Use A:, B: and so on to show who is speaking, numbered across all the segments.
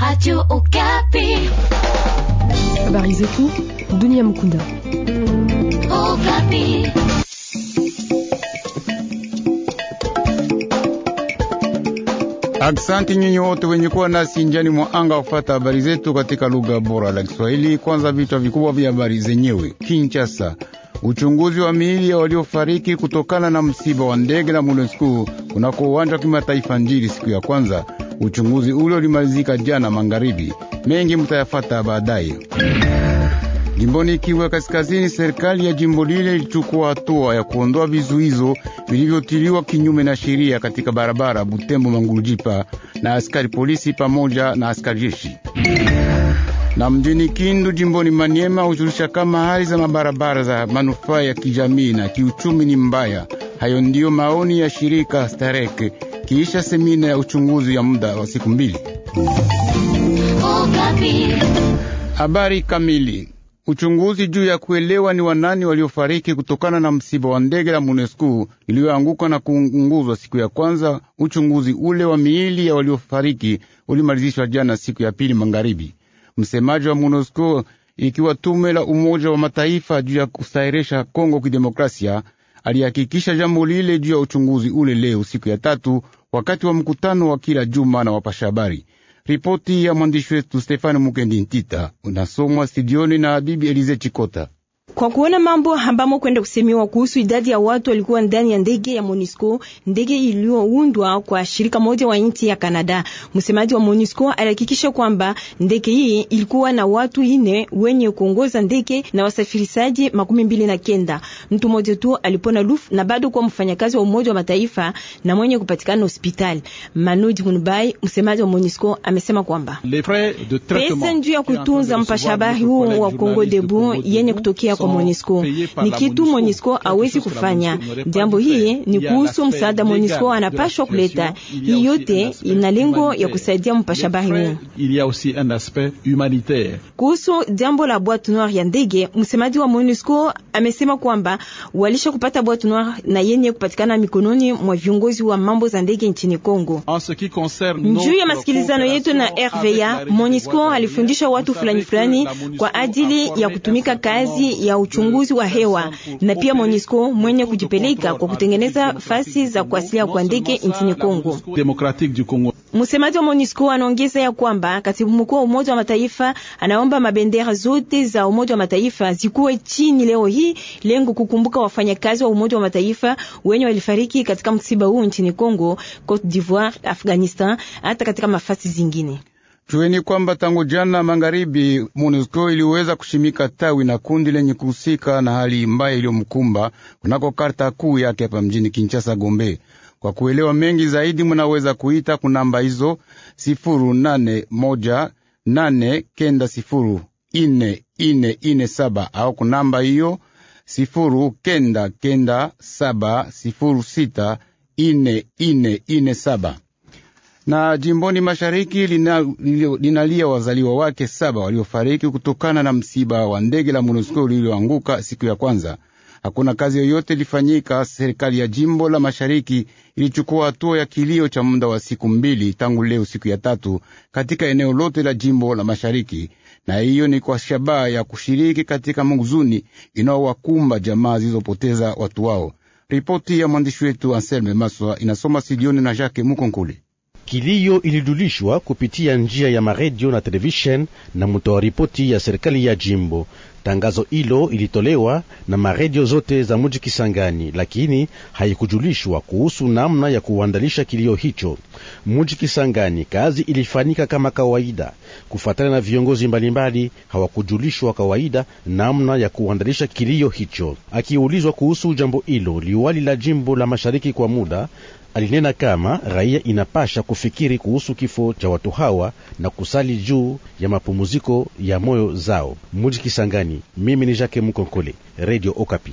A: Radio Okapi.
B: Habari zetu dunia Mukunda. Okapi.
C: Aksanti nyinyi wote wenye kuwa nasi njani mwa anga kufata habari zetu katika lugha bora la Kiswahili. Kwanza vichwa vikubwa vya habari zenyewe. Kinshasa, uchunguzi wa miili ya waliofariki kutokana na msiba wa ndege la MONUSCO kunako uwanja wa kimataifa Njili siku ya kwanza Uchunguzi ule ulimalizika jana magharibi. Mengi mutayafata baadaye. Jimboni Kivu ya Kaskazini, serikali ya jimbo lile ilichukua hatua ya kuondoa vizuizo vilivyotiliwa kinyume na sheria katika barabara Butembo Mangurujipa na askari polisi pamoja na askari jeshi. Na mjini Kindu jimboni Maniema hujulisha kama hali za mabarabara za manufaa ya kijamii na kiuchumi ni mbaya. Hayo ndiyo maoni ya shirika Stareke kiisha semina ya uchunguzi ya muda wa siku mbili. Habari kamili. Uchunguzi juu ya kuelewa ni wanani waliofariki kutokana na msiba wa ndege la MONUSCO iliyoanguka na kuunguzwa siku ya kwanza. Uchunguzi ule wa miili ya waliofariki ulimalizishwa jana siku ya pili magharibi. Msemaji wa MONUSCO ikiwa tume la Umoja wa Mataifa juu ya kusahiresha Kongo kidemokrasia alihakikisha jambo lile juu ya uchunguzi ule leo siku ya tatu wakati wa mkutano wa kila juma na wapasha habari. Ripoti ya mwandishi wetu Stefani Mukendi Ntita unasomwa studioni na Bibi Elize Chikota.
B: Kwa kuona mambo ambamo kwenda kusemewa kuhusu idadi ya watu walikuwa ndani ya ndege ya Monisco, ndege iliyoundwa kwa shirika moja wa nchi ya Kanada. Msemaji wa Monisco alihakikisha kwamba ndege hii ilikuwa na watu ine wenye kuongoza ndege na wasafirishaji makumi mbili na kenda. Mtu mmoja tu alipona lufu na bado kuwa mfanyakazi wa Umoja wa Mataifa na mwenye kupatikana hospitali. Manoj Munbai, msemaji wa Monisco, amesema kwamba
C: pesa njuu ya kutunza mpashabari huu wa Kongo Debu
B: yenye kutokea kwa Monisco ni kitu Monisco awezi kufanya. Jambo hii ni kuhusu msaada Monisco anapashwa kuleta. Hii yote ina lengo ya kusaidia mpasha bahari. Kuhusu jambo la boite noire ya ndege, msemaji wa Monisco amesema kwamba walisha kupata boite noire na yenye kupatikana mikononi mwa viongozi wa mambo za ndege nchini Kongo. Juu ya masikilizano yetu na RVA, Monisco alifundisha watu fulani fulani kwa ajili ya kutumika kazi ya ya uchunguzi wa hewa na pia MONUSCO mwenye kujipeleka kwa kutengeneza fasi za kuasilia kwa ndege nchini Kongo. Msemaji wa MONUSCO anaongeza ya kwamba katibu mkuu wa Umoja wa Mataifa anaomba mabendera zote za Umoja wa Mataifa zikuwe chini leo hii, lengo kukumbuka wafanyakazi wa Umoja wa Mataifa wenye walifariki katika msiba huu nchini Kongo, Cote d'Ivoire, Afghanistan, hata katika mafasi zingine.
C: Jueni kwamba tangu jana magharibi, MONUSCO iliweza kushimika tawi na kundi lenye kuhusika na hali mbaya iliyomkumba kunako karta kuu yake hapa mjini Kinshasa Gombe. Kwa kuelewa mengi zaidi, munaweza kuita kunamba hizo sifuru kenda ine ine ine saba au kunamba hiyo sifuru kenda kenda saba sita ine ine ine saba na jimboni mashariki linalia lina wazaliwa wake saba waliofariki kutokana na msiba wa ndege la MONUSCO lililoanguka siku ya kwanza. Hakuna kazi yoyote ilifanyika. Serikali ya jimbo la mashariki ilichukua hatua ya kilio cha muda wa siku mbili tangu leo siku ya tatu katika eneo lote la jimbo la mashariki, na hiyo ni kwa shabaha ya kushiriki katika huzuni inaowakumba jamaa zilizopoteza watu wao. Ripoti ya mwandishi wetu Anselme Maswa inasoma Sidioni na Jake Mukonkuli. Kilio ilidulishwa kupitia njia ya maredio na televishen na mtoa ripoti ya serikali ya jimbo. Tangazo hilo ilitolewa na maredio zote za muji Kisangani, lakini haikujulishwa kuhusu namna ya kuandalisha kilio hicho muji Kisangani. Kazi ilifanyika kama kawaida, kufuatana na viongozi mbalimbali hawakujulishwa kawaida namna ya kuandalisha kilio hicho. Akiulizwa kuhusu jambo hilo, liwali la jimbo la mashariki kwa muda Alinena kama raia inapasha kufikiri kuhusu kifo cha watu hawa na kusali juu ya mapumuziko ya moyo zao. Muji Kisangani, mimi ni Jake Mkonkole, Radio Okapi.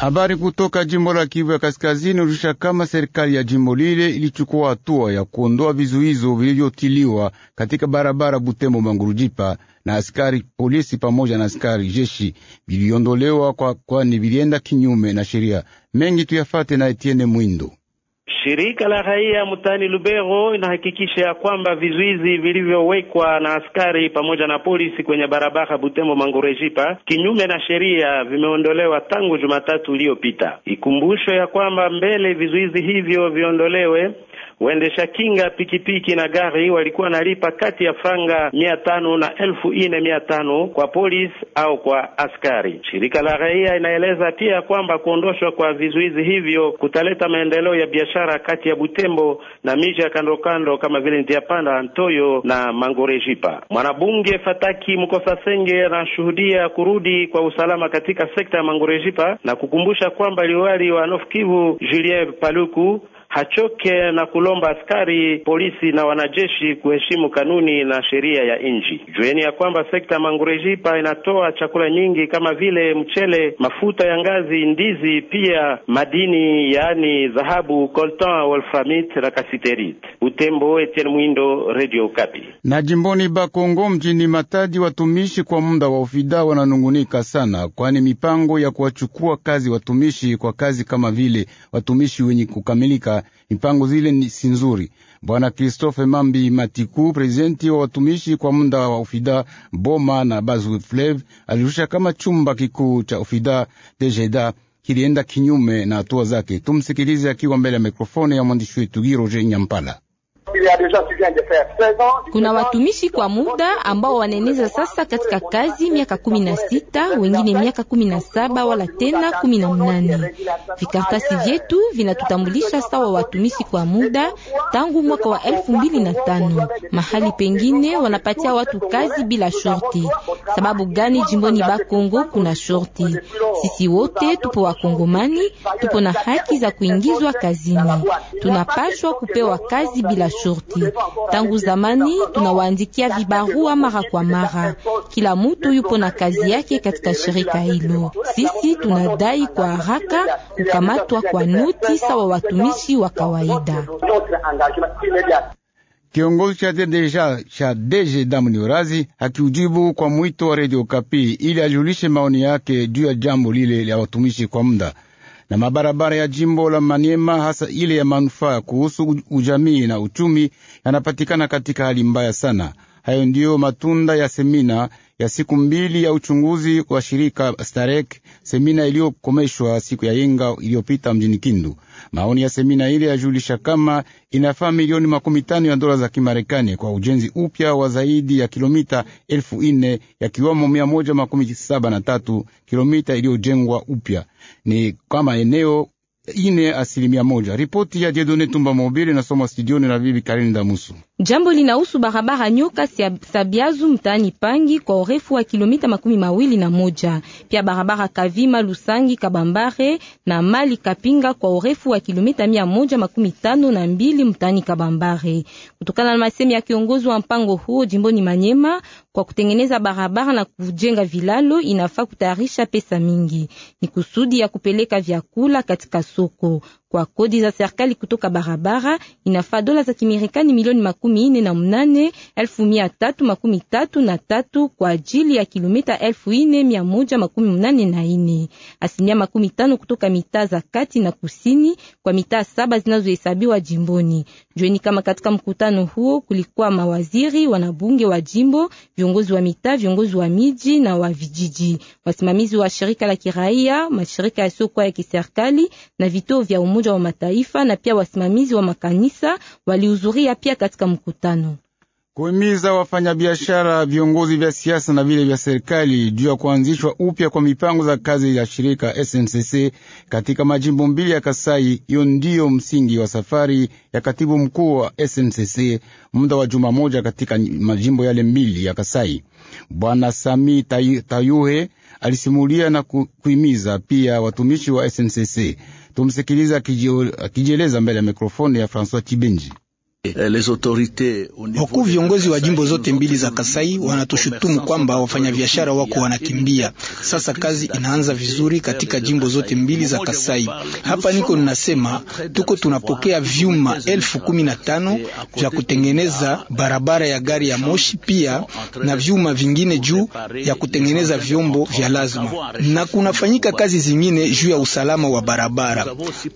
C: Habari kutoka jimbo la Kivu ya Kaskazini ulisha kama serikali ya jimbo lile ilichukua hatua ya kuondoa vizuizo vilivyotiliwa katika barabara Butembo Mangurujipa, na askari polisi pamoja na askari jeshi viliondolewa kwani kwa vilienda kinyume na sheria. Mengi tuyafate na Etienne Mwindo.
D: Shirika la raia mtaani Lubero inahakikisha ya kwamba vizuizi vilivyowekwa na askari pamoja na polisi kwenye barabara Butembo Mangurejipa kinyume na sheria vimeondolewa tangu Jumatatu iliyopita. Ikumbushwe ya kwamba mbele vizuizi hivyo viondolewe Waendesha kinga pikipiki na gari walikuwa wanalipa kati ya franga mia tano na elfu ine mia tano kwa polisi au kwa askari. Shirika la raia inaeleza pia kwamba kuondoshwa kwa vizuizi hivyo kutaleta maendeleo ya biashara kati ya Butembo na miji ya kando kando kama vile Ndiapanda, Ntoyo na Mangorejipa. Mwanabunge Fataki Mkosa Senge anashuhudia kurudi kwa usalama katika sekta ya Mangorejipa na kukumbusha kwamba liwali wa North Kivu Julien Paluku hachoke na kulomba askari polisi na wanajeshi kuheshimu kanuni na sheria ya nchi. Jueni ya kwamba sekta ya Mangurejipa inatoa chakula nyingi kama vile mchele, mafuta ya ngazi, ndizi, pia madini yaani dhahabu, coltan, wolframit na kasiterit. Utembo, Etienne Mwindo, Radio Okapi.
C: Na jimboni Bakongo mjini Matadi, watumishi kwa muda wa ofida wananungunika sana, kwani mipango ya kuwachukua kazi watumishi kwa kazi kama vile watumishi wenye kukamilika mipango zile ni si nzuri. Bwana Christophe Mambi Matiku, prezidenti wa watumishi kwa muda wa ufida Boma na Bazu Fleve, alirusha kama chumba kikuu cha ufida Tejeda kilienda kinyume na hatua zake. Tumsikilize akiwa mbele ya mikrofoni ya mwandishi wetu Giroje Nyampala.
A: Kuna watumishi kwa muda ambao wanaeneza sasa katika kazi miaka kumi na sita, wengine miaka kumi na saba wala tena kumi na mnane. Vikartasi vyetu vinatutambulisha sawa watumishi kwa muda tangu mwaka wa elfu mbili na tano. Mahali pengine wanapatia watu kazi bila shorti. Sababu gani jimboni Bakongo kuna shorti? Sisi wote tupo Wakongomani, tupo na haki za kuingizwa kazini, tunapashwa kupewa kazi bila shorti masharti. Tangu zamani tunawaandikia vibarua mara kwa mara, kila mtu yupo na kazi yake katika shirika hilo. Sisi tunadai kwa haraka kukamatwa kwa Nuti sawa watumishi wa kawaida.
C: Kiongozi cha tendesha cha deje damu ni urazi akiujibu kwa mwito wa Radio Kapi ili ajulishe maoni yake juu ya jambo lile la watumishi kwa muda na mabarabara ya jimbo la Maniema, hasa ile ya manufaa kuhusu ujamii na uchumi, yanapatikana katika hali mbaya sana. Hayo ndiyo matunda ya semina ya siku mbili ya uchunguzi wa shirika Starek, semina iliyokomeshwa siku ya Yenga iliyopita mjini Kindu. Maoni ya semina ile yajulisha kama inafaa milioni makumi tano ya dola za Kimarekani kwa ujenzi upya wa zaidi ya kilomita elfu ine ya kiwamo mia moja makumi saba na tatu kilomita iliyojengwa upya ni kama eneo ine asilimia moja. Ripoti ya Jedone Tumba Mobile inasoma studioni na bibi Karini Damusu.
A: Jambo linahusu barabara nyoka Sabiazu mtaani Pangi kwa urefu wa kilomita makumi mawili na moja. Pia barabara Kavima Lusangi Kabambare na Mali Kapinga kwa urefu wa kilomita mia moja makumi tano na mbili mtaani Kabambare. Kutokana na masemi ya kiongozi wa mpango huo jimboni Manyema, kwa kutengeneza barabara na kujenga vilalo inafaa kutayarisha pesa mingi. Ni kusudi ya kupeleka vyakula katika soko. Kwa kodi za serikali kutoka barabara inafaa dola za kimerekani milioni makumi nne na mnane elfu mia tatu makumi tatu na tatu kwa ajili ya kilomita elfu nne mia moja makumi mnane na nne asilimia makumi tano kutoka mitaa za kati na kusini kwa mitaa saba zinazohesabiwa jimboni. Jueni kama katika mkutano huo kulikuwa mawaziri, wanabunge wa jimbo, viongozi wa mitaa, viongozi wa miji na wa vijiji, wasimamizi wa shirika la kiraia, mashirika yasiyokuwa ya kiserikali na vituo vya umoja Umoja wa Mataifa na pia wasimamizi wa makanisa walihudhuria pia katika mkutano
C: kuhimiza wafanyabiashara, viongozi vya siasa na vile vya serikali juu ya kuanzishwa upya kwa mipango za kazi ya shirika SNCC katika majimbo mbili ya Kasai. Hiyo ndiyo msingi wa safari ya katibu mkuu wa SNCC muda wa juma moja katika majimbo yale mbili ya Kasai. Bwana Sami Tayuhe alisimulia na kuhimiza pia watumishi wa SNCC Tumsikiliza akijieleza mbele ya mikrofoni ya François chibenji
E: Wakuu viongozi wa jimbo zote mbili za Kasai wanatushutumu kwamba wafanyabiashara wako wanakimbia. Sasa kazi inaanza vizuri katika jimbo zote mbili za Kasai. Hapa niko ninasema, tuko tunapokea vyuma elfu kumi na tano vya kutengeneza barabara ya gari ya moshi, pia na vyuma vingine juu ya kutengeneza vyombo vya lazima, na kunafanyika kazi zingine juu ya usalama wa barabara.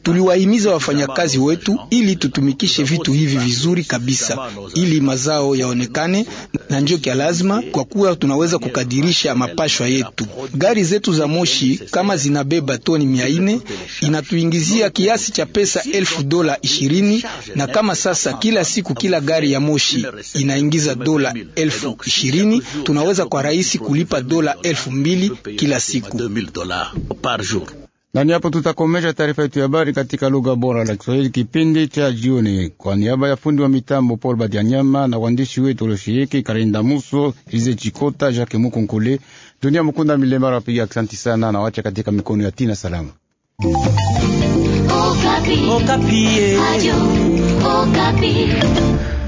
E: Tuliwahimiza wafanyakazi wetu ili tutumikishe vitu hivi vizuri vizuri kabisa, ili mazao yaonekane, na ndio kia lazima, kwa kuwa tunaweza kukadirisha mapashwa yetu. Gari zetu za moshi kama zinabeba toni mia nne inatuingizia kiasi cha pesa elfu dola ishirini na kama sasa kila siku kila gari ya moshi inaingiza dola elfu ishirini tunaweza kwa rahisi kulipa dola elfu mbili kila siku.
C: Nani hapo tutakomesha taarifa yetu ya habari katika lugha bora la Kiswahili kipindi cha jioni. Kwa niaba ya fundi wa mitambo Paul Badianyama na waandishi wetu walioshiriki Karinda Muso, Ize Chikota, Jacques Mukunkule, Dunia Mukunda Milemba wapiga asanti sana na wacha katika mikono ya Tina Salama.
B: Okapi. Okapi.